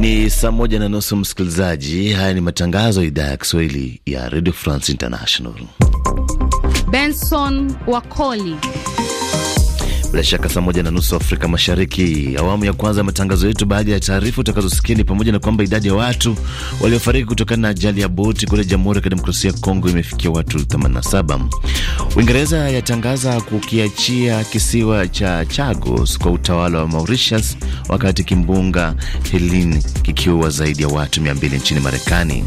Ni saa moja na nusu msikilizaji. Haya ni matangazo ya idhaa ya Kiswahili ya Radio France International. Benson Wakoli bila shaka saa moja na nusu Afrika Mashariki, awamu ya kwanza ya matangazo yetu. Baadhi ya taarifa utakazosikia ni pamoja na kwamba idadi ya watu waliofariki kutokana na ajali ya boti kule Jamhuri ya Kidemokrasia ya Kongo imefikia watu 87. Uingereza yatangaza kukiachia kisiwa cha Chagos kwa utawala wa Mauritius, wakati kimbunga Helene kikiua zaidi ya watu 200 nchini Marekani.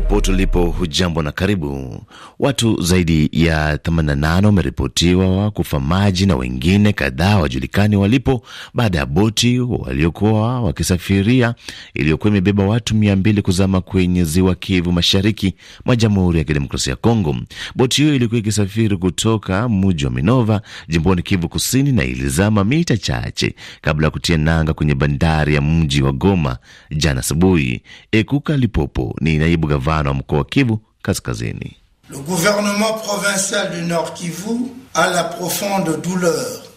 Popote ulipo hujambo na karibu. Watu zaidi ya 88 wameripotiwa kufa maji na wengine kadhaa wajulikani walipo baada ya boti waliokuwa wakisafiria iliyokuwa imebeba watu 200 kuzama kwenye ziwa Kivu mashariki mwa Jamhuri ya Kidemokrasia ya Kongo. Boti hiyo ilikuwa ikisafiri kutoka mji wa Minova jimboni Kivu Kusini na ilizama mita chache kabla ya kutia nanga kwenye bandari ya mji wa Goma jana asubuhi. Ekuka Lipopo ni naibu gavana Le gouvernement provincial du Nord Kivu a la profonde douleur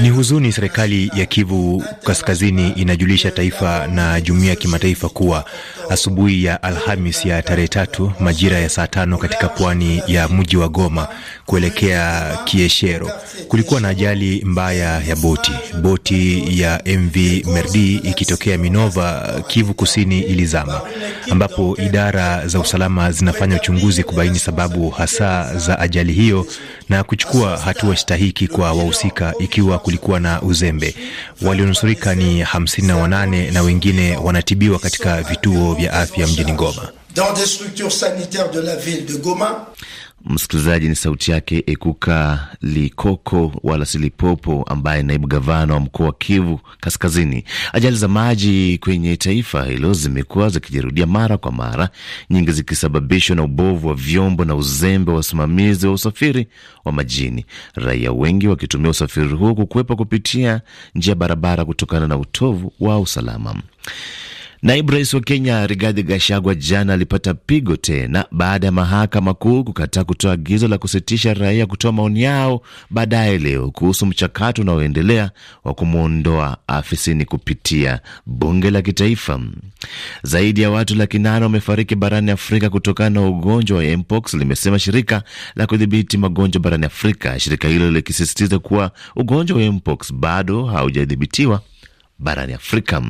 Ni huzuni, serikali ya Kivu Kaskazini inajulisha taifa na jumuia ya kimataifa kuwa asubuhi ya Alhamis ya tarehe tatu majira ya saa tano katika pwani ya mji wa Goma kuelekea Kieshero kulikuwa na ajali mbaya ya boti. Boti ya MV Merdi ikitokea Minova, Kivu Kusini, ilizama, ambapo idara za usalama zinafanya uchunguzi kubaini sababu hasa za ajali hiyo na kuchukua hatua stahiki kwa wahusika ikiwa kulikuwa na uzembe. Walionusurika ni hamsini na wanane na wengine wanatibiwa katika vituo vya afya mjini Goma. Msikilizaji, ni sauti yake Ekuka Likoko wala Silipopo, ambaye naibu gavana wa mkoa wa Kivu Kaskazini. Ajali za maji kwenye taifa hilo zimekuwa zikijirudia mara kwa mara, nyingi zikisababishwa na ubovu wa vyombo na uzembe wa wasimamizi wa usafiri wa majini, raia wengi wakitumia usafiri huu kukwepa kupitia njia barabara kutokana na utovu wa usalama. Naibu rais wa Kenya Rigathi Gachagua jana alipata pigo tena baada ya mahakama kuu kukataa kutoa agizo la kusitisha raia kutoa maoni yao baadaye leo kuhusu mchakato unaoendelea wa kumwondoa afisini kupitia bunge la kitaifa. Zaidi ya watu laki nane wamefariki barani Afrika kutokana na ugonjwa wa mpox, limesema shirika la kudhibiti magonjwa barani Afrika, shirika hilo likisisitiza kuwa ugonjwa wa mpox bado haujadhibitiwa barani Afrika.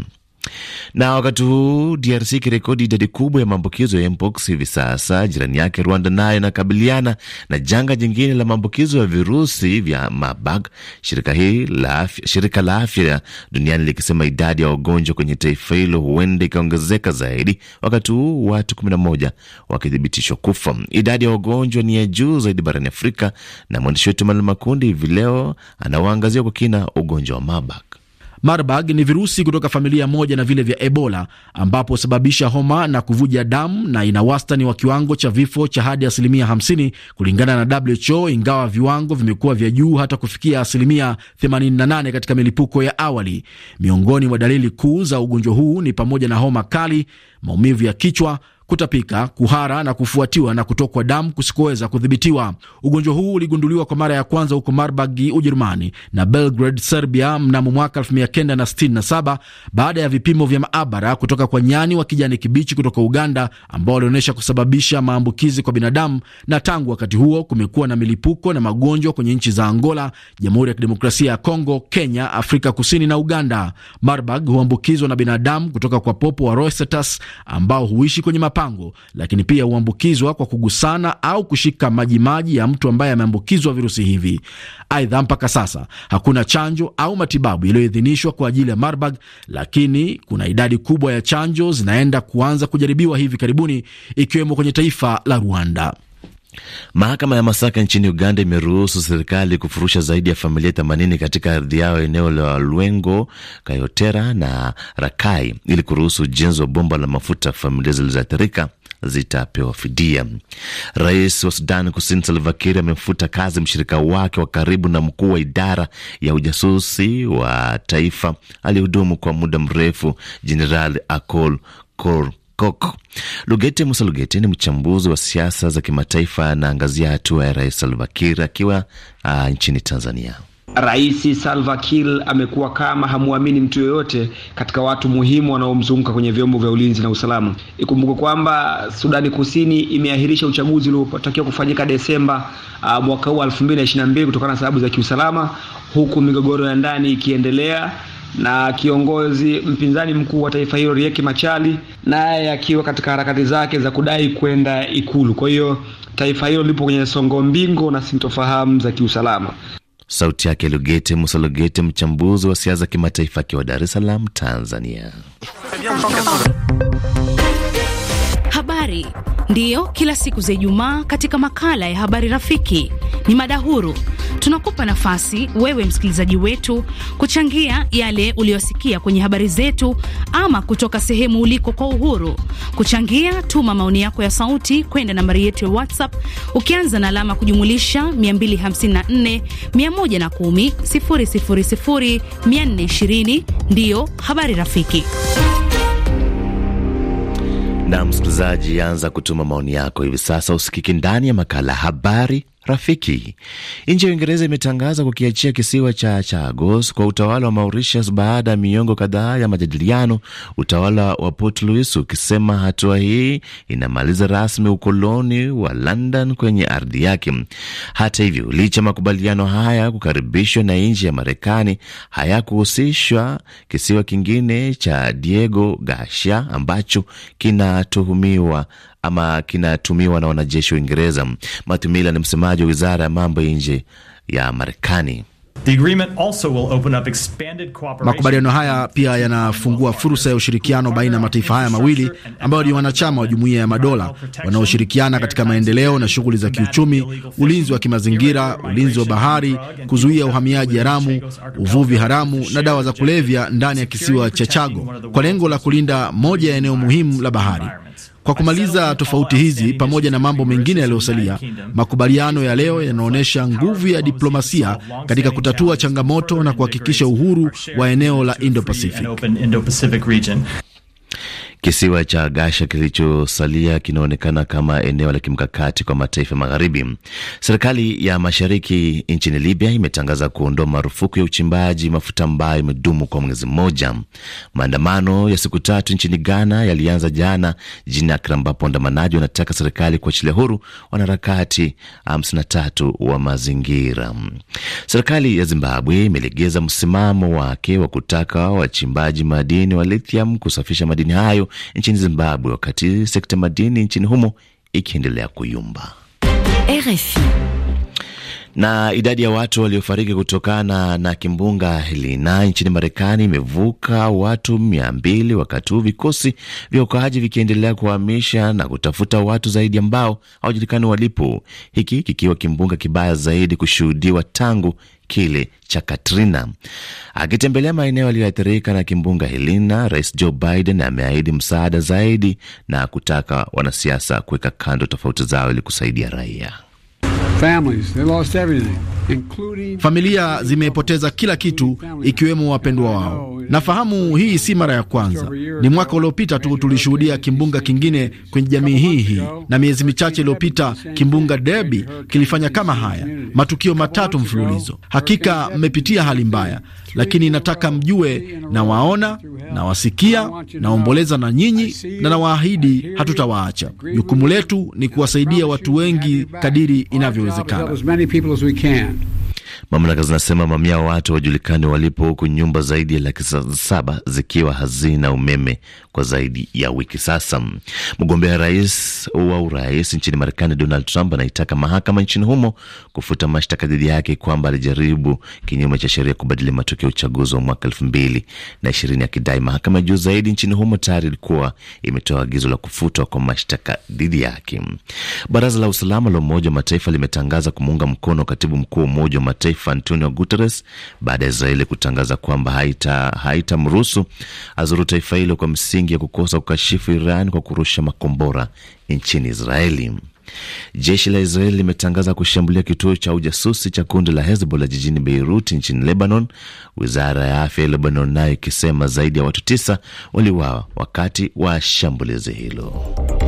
Na wakati huu DRC ikirekodi idadi kubwa ya maambukizo ya mpox hivi sasa, jirani yake Rwanda nayo inakabiliana na janga jingine la maambukizo ya virusi vya mabag, shirika hii la afya, shirika la afya duniani likisema idadi ya wagonjwa kwenye taifa hilo huenda ikaongezeka zaidi, wakati huu watu 11 wakithibitishwa kufa. Idadi ya wagonjwa ni ya juu zaidi barani Afrika, na mwandishi wetu Malu Makundi hivi leo anawaangazia kwa kina ugonjwa wa mabag. Marburg ni virusi kutoka familia moja na vile vya Ebola, ambapo husababisha homa na kuvuja damu na ina wastani wa kiwango cha vifo cha hadi asilimia 50 kulingana na WHO, ingawa viwango vimekuwa vya juu hata kufikia asilimia 88 katika milipuko ya awali. Miongoni mwa dalili kuu za ugonjwa huu ni pamoja na homa kali, maumivu ya kichwa kutapika, kuhara na kufuatiwa na kutokwa damu kusikoweza kudhibitiwa. Ugonjwa huu uligunduliwa kwa mara ya kwanza huko Marburg, Ujerumani na Belgrade, Serbia mnamo mwaka 1967 baada ya vipimo vya maabara kutoka kwa nyani wa kijani kibichi kutoka Uganda ambao walionyesha kusababisha maambukizi kwa binadamu, na tangu wakati huo kumekuwa na milipuko na magonjwa kwenye nchi za Angola, Jamhuri ya Kidemokrasia ya Kongo, Kenya, Afrika Kusini na Uganda. Marburg huambukizwa na binadamu kutoka kwa popo wa Rosetas ambao huishi kwenye mapa mapango, lakini pia huambukizwa kwa kugusana au kushika majimaji ya mtu ambaye ameambukizwa virusi hivi. Aidha, mpaka sasa hakuna chanjo au matibabu yaliyoidhinishwa kwa ajili ya Marburg, lakini kuna idadi kubwa ya chanjo zinaenda kuanza kujaribiwa hivi karibuni, ikiwemo kwenye taifa la Rwanda. Mahakama ya Masaka nchini Uganda imeruhusu serikali kufurusha zaidi ya familia 80 katika ardhi yao eneo la Lwengo, Kayotera na Rakai ili kuruhusu ujenzi wa bomba la mafuta. Familia zilizoathirika zitapewa fidia. Rais wa Sudan Kusini Salva Kiir amemfuta kazi mshirika wake wa karibu na mkuu wa idara ya ujasusi wa taifa aliyehudumu kwa muda mrefu Jenerali Akol Kor Cook. Lugete Musa Lugete ni mchambuzi wa siasa za kimataifa, anaangazia hatua ya Rais Salva Kiir akiwa uh, nchini Tanzania. Raisi Salva Kiir amekuwa kama hamwamini mtu yoyote katika watu muhimu wanaomzunguka kwenye vyombo vya ulinzi na usalama. Ikumbuke kwamba Sudani Kusini imeahirisha uchaguzi uliotakiwa kufanyika Desemba uh, mwaka huu 2022 kutokana na sababu za kiusalama, huku migogoro ya ndani ikiendelea na kiongozi mpinzani mkuu wa taifa hilo Rieki Machali naye akiwa katika harakati zake za kudai kwenda Ikulu. Kwa hiyo taifa hilo lipo kwenye songo mbingo na sintofahamu za kiusalama. Sauti yake Lugete Musa Lugete, mchambuzi wa siasa kimataifa, akiwa Dar es Salaam, Tanzania. Habari ndiyo kila siku za Ijumaa katika makala ya Habari Rafiki ni mada huru Tunakupa nafasi wewe msikilizaji wetu kuchangia yale uliyosikia kwenye habari zetu ama kutoka sehemu uliko kwa uhuru. Kuchangia, tuma maoni yako ya sauti kwenda nambari yetu ya WhatsApp ukianza na alama kujumulisha 254 Ndiyo habari rafiki. Na msikilizaji, anza kutuma maoni yako hivi sasa, usikiki ndani ya makala habari rafiki. Nchi ya Uingereza imetangaza kukiachia kisiwa cha Chagos kwa utawala wa Mauritius baada ya miongo kadhaa ya majadiliano, utawala wa Port Louis ukisema hatua hii inamaliza rasmi ukoloni wa London kwenye ardhi yake. Hata hivyo, licha makubaliano haya kukaribishwa na nchi ya Marekani, hayakuhusishwa kisiwa kingine cha Diego Garcia ambacho kinatuhumiwa ama kinatumiwa na wanajeshi wa Uingereza. matumila Miller ni msemaji wa wizara ya mambo ya nje ya Marekani. Makubaliano haya pia yanafungua fursa ya ushirikiano baina ya mataifa haya mawili ambayo ni wanachama wa jumuiya ya madola wanaoshirikiana katika maendeleo na shughuli za kiuchumi, ulinzi wa kimazingira, ulinzi wa bahari, kuzuia uhamiaji haramu, uvuvi haramu na dawa za kulevya ndani ya kisiwa cha Chago kwa lengo la kulinda moja ya eneo muhimu la bahari. Kwa kumaliza tofauti hizi pamoja na mambo mengine yaliyosalia, makubaliano ya leo yanaonyesha nguvu ya diplomasia katika kutatua changamoto na kuhakikisha uhuru wa eneo la Indo-Pacific. Kisiwa cha Gasha kilichosalia kinaonekana kama eneo la kimkakati kwa mataifa magharibi. Serikali ya mashariki nchini Libya imetangaza kuondoa marufuku ya uchimbaji mafuta ambayo imedumu kwa mwezi mmoja. Maandamano ya siku tatu nchini Ghana yalianza jana jijini Akra, ambapo waandamanaji wanataka serikali kuachilia huru wanaharakati 53 wa mazingira. Serikali ya Zimbabwe imelegeza msimamo wake wa kutaka wachimbaji madini wa lithium kusafisha madini hayo nchini Zimbabwe, wakati sekta madini nchini humo ikiendelea kuyumba. RFI na idadi ya watu waliofariki kutokana na kimbunga Helena nchini Marekani imevuka watu mia mbili wakati huu vikosi vya uokoaji vikiendelea kuhamisha na kutafuta watu zaidi ambao hawajulikani walipo, hiki kikiwa kimbunga kibaya zaidi kushuhudiwa tangu kile cha Katrina. Akitembelea maeneo yaliyoathirika na kimbunga Helena, Rais Joe Biden ameahidi msaada zaidi na kutaka wanasiasa kuweka kando tofauti zao ili kusaidia raia. Families, they lost everything. Familia zimepoteza kila kitu, ikiwemo wapendwa wao. Nafahamu hii si mara ya kwanza. Ni mwaka uliopita tu tulishuhudia kimbunga kingine kwenye jamii hii hii, na miezi michache iliyopita kimbunga Debi kilifanya kama haya, matukio matatu mfululizo. Hakika mmepitia hali mbaya, lakini nataka mjue, nawaona, nawasikia, naomboleza na nyinyi, na nawaahidi hatutawaacha. Jukumu letu ni kuwasaidia watu wengi kadiri inavyowezekana. Mamlaka zinasema mamia watu wajulikani walipo, huku nyumba zaidi ya laki saba zikiwa hazina umeme kwa zaidi ya wiki sasa. Mgombea rais wa urais nchini Marekani Donald Trump anaitaka mahakama nchini humo kufuta mashtaka dhidi yake kwamba alijaribu kinyume cha sheria kubadili matokeo ya uchaguzi wa mwaka elfu mbili na ishirini akidai mahakama ya juu zaidi nchini humo tayari ilikuwa imetoa agizo la kufutwa kwa mashtaka dhidi yake. Baraza la usalama la Umoja wa Mataifa limetangaza kumuunga mkono katibu mkuu wa Umoja wa Mataifa Mataifa Antonio Guterres baada ya Israeli kutangaza kwamba haitamruhusu haita azuru taifa hilo kwa msingi ya kukosa kukashifu Iran kwa kurusha makombora nchini Israeli. Jeshi la Israeli limetangaza kushambulia kituo cha ujasusi cha kundi la Hezbollah jijini Beirut nchini Lebanon, wizara ya afya ya Lebanon nayo ikisema zaidi ya watu tisa waliuawa wakati wa shambulizi hilo.